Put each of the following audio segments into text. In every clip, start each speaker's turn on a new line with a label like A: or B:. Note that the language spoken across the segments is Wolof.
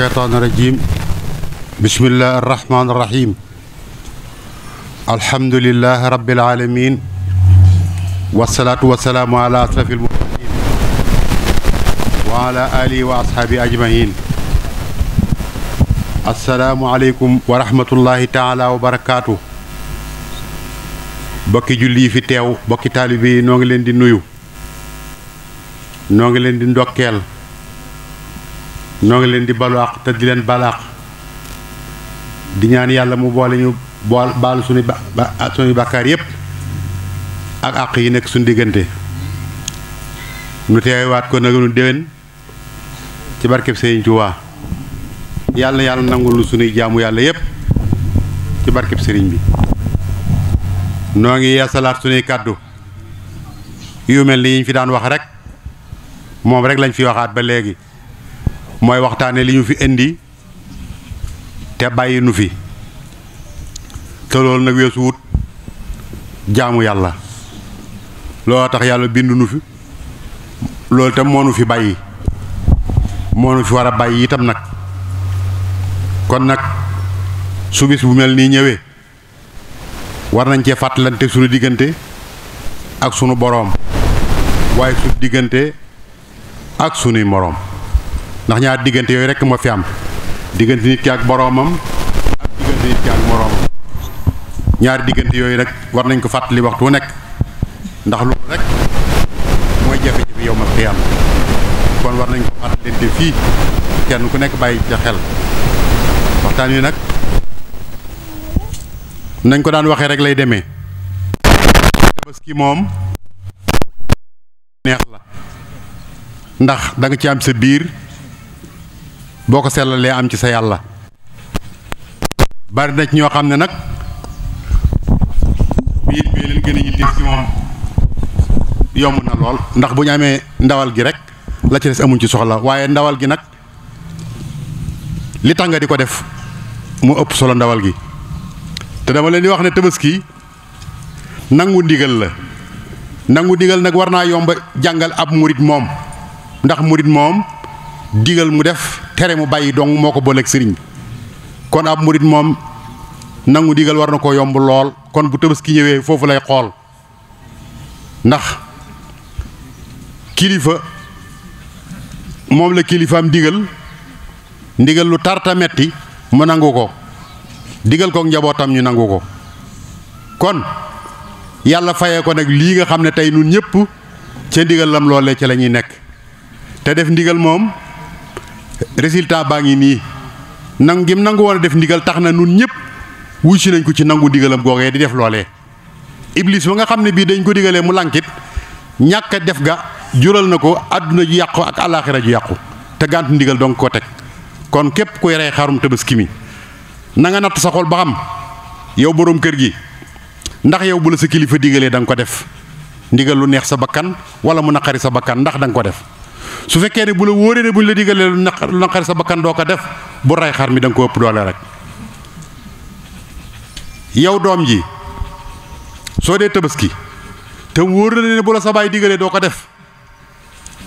A: الشيطان الرجيم بسم الله الرحمن الرحيم الحمد لله رب العالمين والصلاة والسلام على أشرف المرسلين وعلى آله وأصحابه أجمعين السلام عليكم ورحمة الله تعالى وبركاته bokki julli yi fi teew bokki taalibe yi noo ngi leen di nuyu noo ngi leen di ndokkeel ñoo ngi leen di balu àq te di leen balu àq di ñaan yàlla mu boole ñu bool baalu suñu ba suñu bàkkaar yépp ak àq yi nekk suñu diggante nu teewaat ko nag nu déwén ci barkeb Sëriñ Tuubaa yàlla yàlla nangul lu suñuy jaamu yàlla yépp ci barkeb sëriñ bi noo ngi yeesalaat suñuy kàddu yu mel ni yiñ fi daan wax rek moom rek lañ fi waxaat ba léegi mooy waxtaane li ñu fi indi te bàyyi nu fi te loolu nag weesu wut jaamu yàlla looloo tax yàlla bind nu fi loolu itam moo nu fi bàyyi moo nu fi war a bàyyi itam nag kon nag su bis bu mel nii ñëwee war nañ cee fàttalante sunu diggante ak sunu boroom waaye sunu diggante ak sunuy moroom ndax ñaar diggante yooyu rek moo fi am diggante nit ki ak boroomam ak diggante ñaari diggante yooyu rek war nañ ko fàttali waxtu wu nekk ndax loolu rek mooy jafe-jafe yow ma xiyam kon war nañ ko fàttalante fii kenn ku nekk bàyyi ca xel waxtaan wi nag nañ ko daan waxee rek lay demee ki moom neex la ndax danga ci am sa biir boo ko sellalee am ci sa yàlla bari na ci ñoo xam ne nag biir moom yomb na lool ndax bu ñu amee ndawal gi rek la ci des amuñ ci soxla waaye ndawal gi nag li tax nga di ko def mu ëpp solo ndawal gi te dama leen di wax ne tabaski nangu digal la nangu digal nag war naa yomb jàngal ab murit moom ndax murit moom digal mu def tere mu bàyyi dong moo ko booleeg sëriñ bi kon ab murit moom nangu digal war na koo yomb lool kon bu ki ñëwee foofu lay xool ndax kilifa moom la kilifaam digal ndigal lu tarta metti mu nangu ko digal kook njabootam ñu nangu ko kon yàlla fayee ko nag lii nga xam ne tey nun ñëpp ca ndigal lam loolee ci la ñuy nekk te def ndigal moom résultat baa ngi nii nangu ngim nangu woon def ndigal tax na nun ñëpp wuy si nañ ko ci nangu ndigalam googee di def loole iblis ba nga xam ne bii dañ ko digalee mu lànkit ñàkk def ga jural na ko àdduna ju yàqu ak àllaaxira ju yàqu te gàntu ndigal donc ko teg kon képp kuy rey xarum tabaski mi na nga natt sa xol ba xam yow boroom kër gi ndax yow bu la sa kilifa digalee da nga ko def ndigal lu neex sa bakkan wala a naqari sa bakkan ndax danga nga def su fekkee ne bu la wóoree ne bu ñu la digalee lu naqari sa bakkan doo ko def bu rey xar mi da ko ëpp rek yow doom ji soo dee tabaski te wóor na bu la sa baay digalee doo ko def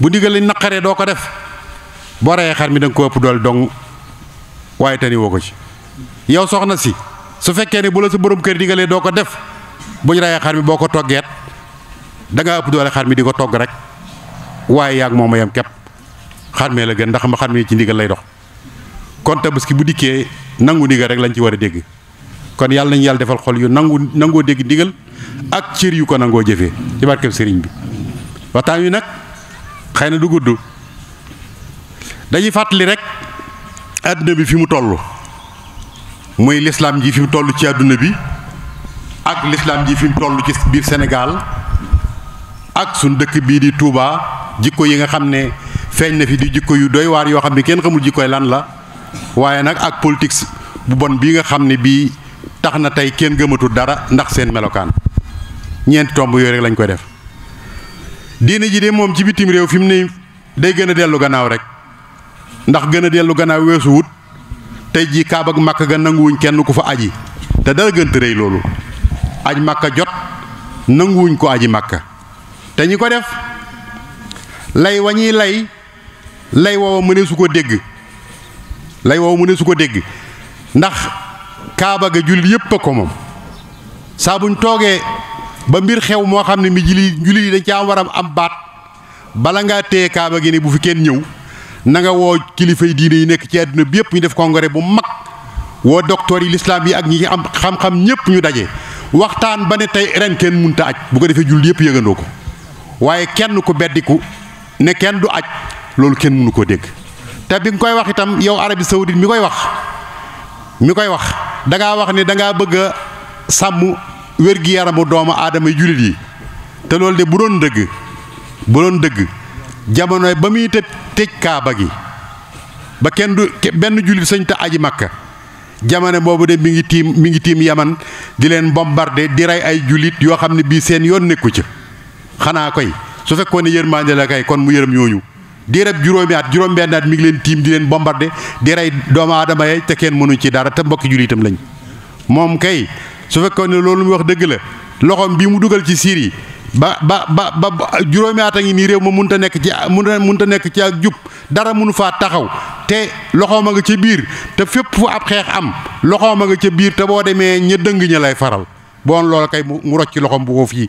A: bu digalee naqaree doo ko def boo reyee xar mi da ko ëpp doole dong waaye tani woo ko ci yow soxna si su fekkee ne bu la sa borom kër digalee doo ko def bu ñu reyee xar mi boo ko toggeet da ëpp doole xar mi di ko togg rek waaye yaag moom a yem képp xarmee la gën ndax ma xarmee ci ndigal lay dox kon tabaski bu dikkee nangu ndigal rek lañ ci war a dégg kon yàlla nañu yàlla defal xol yu nangu nangoo dégg ndigal ak cër yu ko nangoo jëfe ci barkeb sëriñ bi waxtaan wi nag xëy na du gudd dañuy fàttali rek àdduna bi fi mu toll muy lislaam ji fi mu toll ci àdduna bi ak lislaam ji fi mu toll ci biir senegaal ak suñ dëkk bii di Touba jikko yi nga xam ne feeñ na fi di jikko yu doy waar yoo xam ne kenn xamul jikkoy lan la waaye nag ak politique bu bon bii nga xam ne bii tax na tey kenn gëmatul dara ndax seen melokaan ñeenti tomb yooyu rek lañ koy def diine ji de moom ci bitim réew fi mu ne day gën a dellu gannaaw rek ndax gën a dellu gannaaw weesu wut tey jii kaaba ak màkk ga nanguwuñ kenn ku fa aji te dara gënt rëy loolu aj màkka jot nanguwuñ ko aji makka te ñi ko def lay wa ñuy lay lay woowa mënee su ko dégg lay woowa mënee su ko dégg ndax kaaba ga jullit yépp a ko moom saa buñ toogee ba mbir xew moo xam ne mi julli jullit yi dañ caa war am baat bala ngaa téye kaaba gi ni bu fi kenn ñëw nanga nga woo kilifa yi diine yi nekk ci àdduna bi yépp ñu def congrès bu mag woo docteur yi lislaam yi ak ñi am xam-xam ñépp ñu daje waxtaan ba ne tey ren kenn munta aj bu ko defee jullit yépp yëgandoo ko waaye kenn ku beddiku ne kenn du aj loolu kenn mënu ko dégg te bi nga koy wax itam yow Arabie saoudite mi koy wax mi koy wax da wax ne da ngaa bëgg sàmm wér-gi-yaramu doomu aadama jullit yi te loolu de bu doon dëgg bu dëgg jamono ba muy tëj tëj kaaba gi ba kenn du benn jullit sañ te aji makka jamono boobu de mi ngi tiim mi ngi tiim yaman di leen bombardé di rey ay jullit yoo xam ne bii seen yoon nekku ca xanaa koy su fekkoon ne yërmande la kay kon mu yërëm ñooñu diirab juróomi at juróom-benn at mi ngi leen tiim di leen bombardé di rey doomu adama yey te kenn mënuñ ci dara te mbokki jullitam lañ moom kay su fekkoon ne loolu mu wax dëgg la loxoom bii mu dugal ci siir yi ba ba ba ba juróomi a ngi nii réew ma mënut a nekk ci mënut a nekk ci ak jub dara mënu faa taxaw te loxoom a ngi ca biir te fépp fu ab xeex am loxoom a ngi ca biir te boo demee ña dëng ña lay faral boon loolu kay mu rocc loxoom bu ko fii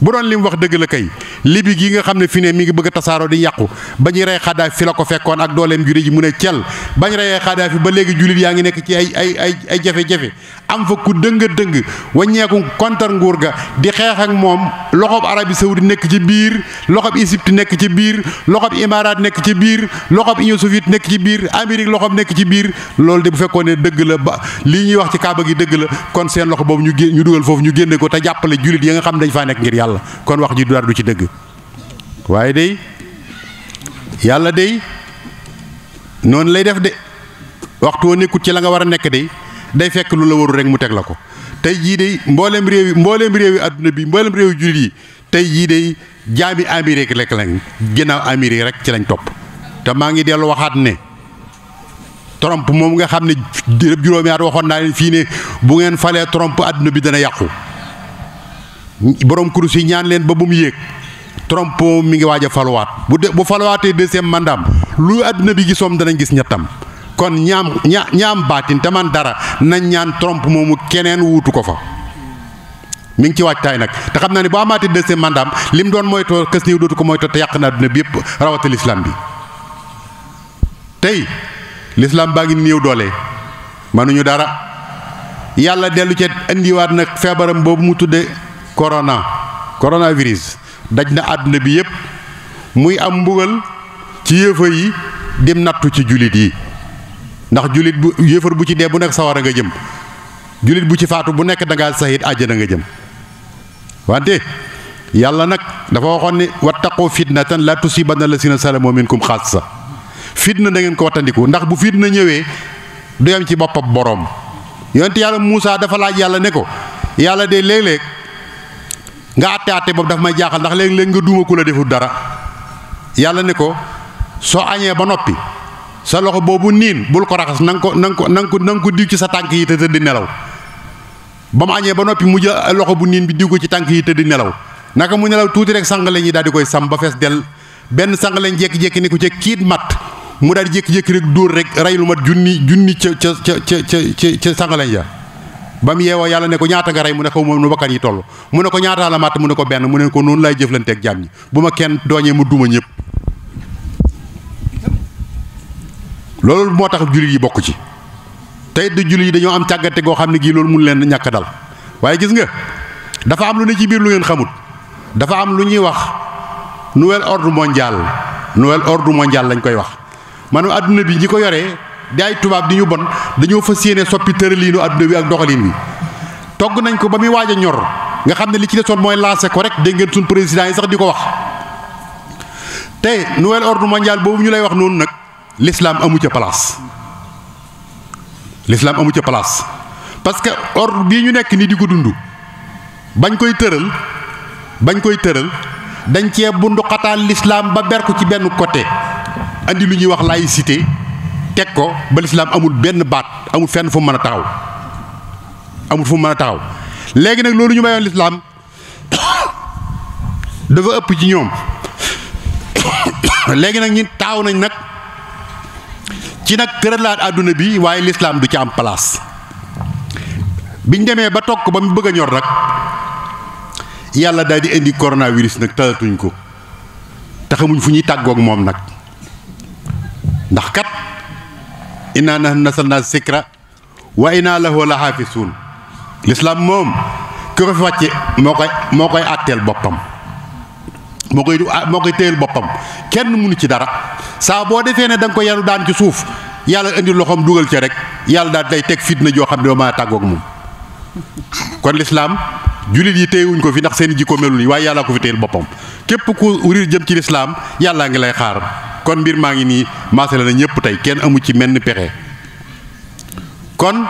A: bu doon lim wax dëgg la kay libi gi nga xam ne fi ne mi ngi bëgg a tasaaroo di yàqu ba ñu rey Xaddaafi fi la ko fekkoon ak dooleem jure ji mu ne cel bañ reyee Xaddaafi ba léegi jullit yaa ngi nekk ci ay ay ay ay jafe-jafe am fa ku dëng waññeeku kontar nguur ga di xeex ak moom loxob Arabie Saoudite nekk ci biir loxob Égypte nekk ci biir loxob Imaaraat nekk ci biir loxob Union soviétique nekk ci biir Amérique loxob nekk ci biir loolu de bu fekkoon ne dëgg la ba lii ñuy wax ci kaaba gi dëgg la kon seen loxo boobu ñu ñu dugal foofu ñu génne ko te jàppale jullit yi nga xam ne dañ faa nekk ngir yàlla la kon wax ji du dara du ci dëgg waaye day yàlla day noonu lay def de waxtu woo nekkut ci la nga war a nekk day day fekk lu la warul rek mu teg la ko tey jii day mboolem réew yi mbooleem réew yi àdduna bi mbooleem réew yi jullit yi tey jii day jaami Amérique rek lañ ginnaaw Amérique rek ci lañ topp te maa ngi dellu waxaat ne Trump moom nga xam ne juróomi at waxoon naa leen fii ne bu ngeen falee Trump àdduna bi dana yàqu borom kurus yi ñaan leen ba bu mu yéeg Trump mi ngi waaj a faluwaat bu de bu faluwaatee deuxième mandaam lu àdduna bi gisoom danañ gis ñettam kon ñaam ña ñaam baatin te man dara nañ ñaan Trump moomu keneen wuutu ko fa mu ngi ci waajtaay nag te xam naa ne boo amaatee deuxième mandaam li mu doon moytoo kës niw dootu ko moytoo te yàq na àdduna bi yëpp rawatal islam bi tey l'islam baa ngi néew doole mënuñu dara yàlla dellu ci indiwaat nag feebaram boobu mu tudde corona coronavirus daj na àdduna bi yépp muy am mbugal ci yéefar yi dem nattu ci jullit yi ndax jullit bu yéefar bu ci dee bu nekk sawar a nga jëm jullit bu ci faatu bu nekk dangaa saxiit àjjana nga jëm wante yàlla nag dafa waxoon ni wattaqu fitnatan la tusibanna lasina salamu minkum xaassa fitna da ngeen ko wattandiku ndax bu fitna ñëwee du yam ci boppam boroom yonent yàlla Muusaa dafa laaj yàlla ne ko yàlla de léeg-léeg nga àtte àtte boobu dafa may jaaxal ndax léeg-léeg nga duuma ku la deful dara yàlla ne ko soo añee ba noppi sa loxo boobu niin bul ko raxas na ko na ko na ko na ko diw ci sa tànk yi te tëdd nelaw ba mu añee ba noppi mu jël loxo bu niin bi diw ci tànk yi tëdd nelaw naka mu nelaw tuuti rek sangale ñi daal di koy sam ba fees del benn sangaleñ jékki-jékki ni ko ca kiit matt mu daal di jékki-jékki rek dóor rek rey mat junni junni ca ca ca ca ca ca sangaleñ ja ba mu yeewoo yàlla ne ko ñaata nga rey mu ne xaw ma nu bakkan yi toll mu ne ko ñaataa la màtt mu ne ko benn mu ne ko noonu lay jëflanteeg jaam ñi bu ma kenn dooñee mu duma ñëpp loolu moo tax jullit yi bokk ci tey du jullit yi dañoo am càggante goo xam ne gii loolu mun leen ñàkk dal waaye gis nga dafa am lu ne ci biir lu ngeen xamut dafa am lu ñuy wax nouvel ordre mondial nouvel ordre mondial lañ koy wax maanaam adduna bi ñi ko yoree di ay tubaab di ñu bon dañoo fas yéene soppi tëraliinu adduna wi ak doxalin wi togg nañ ko ba muy waaj a ñor nga xam ne li ci desoon mooy lancé ko rek dégg ngeen suñ yi sax di ko wax te nouvel ordre mondial boobu ñu lay wax noonu nag lislaam amu ca place l'islam amu ca place parce que ordre bii ñu nekk nii di ko dund bañ koy tëral bañ koy tëral dañ cee bundu xataal l'islam ba berku ci benn côté indi lu ñuy wax laïcité teg ko ba lislaam amul benn baat amul fenn fu mu mën a taxaw amul fu mu mën a taxaw léegi nag loolu ñu mayoon lislaam dafa ëpp ci ñoom léegi nag ñi taaw nañ nag ci nag tëralaat àdduna bi waaye lislaam du ci am place biñ demee ba toog ko ba mu bëgg ñor nag yàlla daal di indi coronavirus nag talatuñ ko te fu ñuy tàggook moom nag ndax kat innaa nahnu nasalna sikra wa la lahu la xaafisuun lislaam moom ki ko fi wàcce moo koy moo koy àtteel boppam moo koy moo koy téyel boppam kenn mënu ci dara saa boo defee ne da ko yaru daan ci suuf yàlla indi loxoom dugal ca rek yàlla daal day teg fitna joo xam ne doo mën a tàggoog moom kon lislaam jullit yi téyewuñ ko fi ndax seen jikko melul yi waaye yàlla ko fi téyel boppam képp ku riir jëm ci lislaam yàlla ngi lay xaar kon mbir maa ngi nii maasale na ñëpp tey kenn amu ci menn pexe kon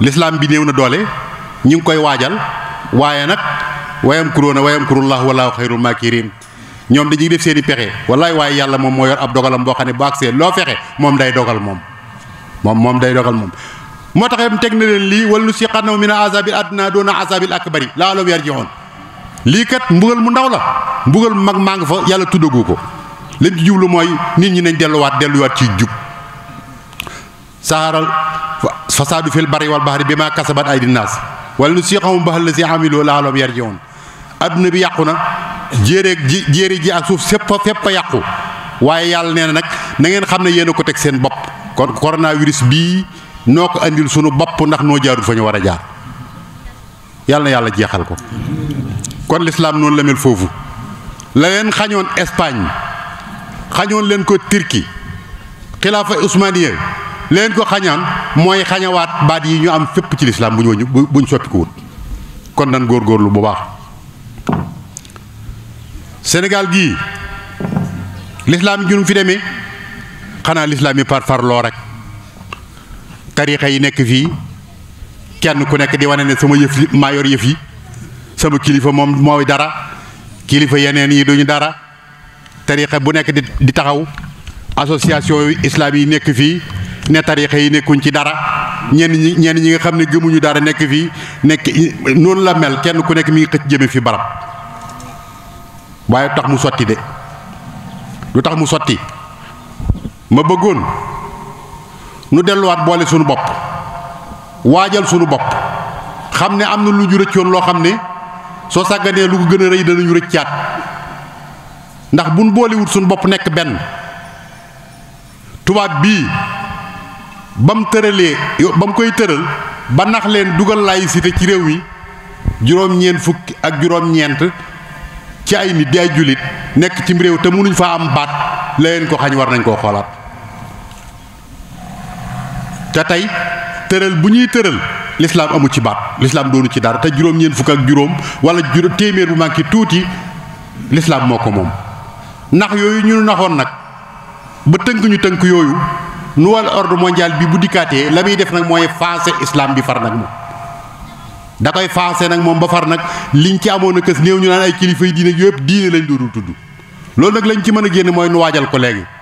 A: lislaam bi néew na doole ñu ngi koy waajal waaye nag wayam kuróona wayam kurullah walaahu xayrul maakirin ñoom dañuy def seeni pexe walaay waaye yàlla moom moo yor ab dogalam boo xam ne bu agsee loo fexe moom day dogal moom moom moom day dogal moom moo tax teg na leen lii wala nu siqannaw min azabil adna doona azabil akbari laalom yarjiun lii kat mbugal mu ndaw la mbugal mu mag maa ngi fa yàlla tuddagu ko lépp ci jublu mooy nit ñi nañ delluwaat delluwaat ci jub saaral fasaadu fil bari wal bahri bi ma kasabat ay dinaas wala nu siqahum bahal la si amilu laalom yarjiun adduna bi yàqu na jéere ji jéere ji ak suuf fépp a fépp yàqu waaye yàlla nee na nag na ngeen xam ne yéen a ko teg seen bopp kon coronavirus bii noo ko indil sunu bopp ndax noo jaarul fa ñu war a jaar yàlla jeexal ko kon lislaam noonu la mel foofu la leen xañoon Espagne xañoon leen ko Turquie xilaafa usmaniya leen ko xañaan mooy xañawaat baat yi ñu am fépp ci lislaam bu ñu wëñu bu ñu soppi ko wut kon nan góorgóorlu bu baax Sénégal gii lislaam yi junum fi demee xanaa lislaam yi par farloo rek tarixa yi nekk fii kenn ku nekk di wane ne sama yëf yi maa yëf yi sama kilifa moom mooy dara kilifa yeneen yi duñu dara tarixa bu nekk di di taxaw association islaam yi nekk fii ne tarixa yi nekkuñ ci dara ñenn ñi ñenn ñi nga xam ne gëmuñu dara nekk fii nekk noonu la mel kenn ku nekk mi ngi xëcc jëme fi baram waaye tax mu sotti de lu tax mu sotti ma bëggoon nu delluwaat boole sunu bopp waajal sunu bopp xam ne am na lu ñu rëccoon loo xam ne soo sàgganee lu ko gën a rëy ñu rëccaat ndax buñ boolewut suñ bopp nekk benn tubaab bii ba mu tëralee ba mu koy tëral ba nax leen dugal laïcité ci réew yi juróom-ñeent fukki ak juróom-ñeent ci ay nit di ay jullit nekk cim réew te mu mënuñ fa am baat la leen ko xañ war nañ koo xoolaat te tey tëral bu ñuy tëral lislaam amu ci baat lislaam doonu ci dara te juróom-ñeent fukk ak juróom wala juróom téeméer bu manqué tuuti lislaam moo ko moom nax yooyu ñu naxoon nag ba tënk ñu tënk yooyu nouvel ordre mondial bi bu dikkaatee la muy def nag mooy faase islaam bi far nag moom da koy faase nag moom ba far nag li ñu ci amoon a kës néew ñu naan ay kilifa yi diine yëpp diine lañ doon tudd loolu nag lañ ci mën a génne mooy nu waajal ko léegi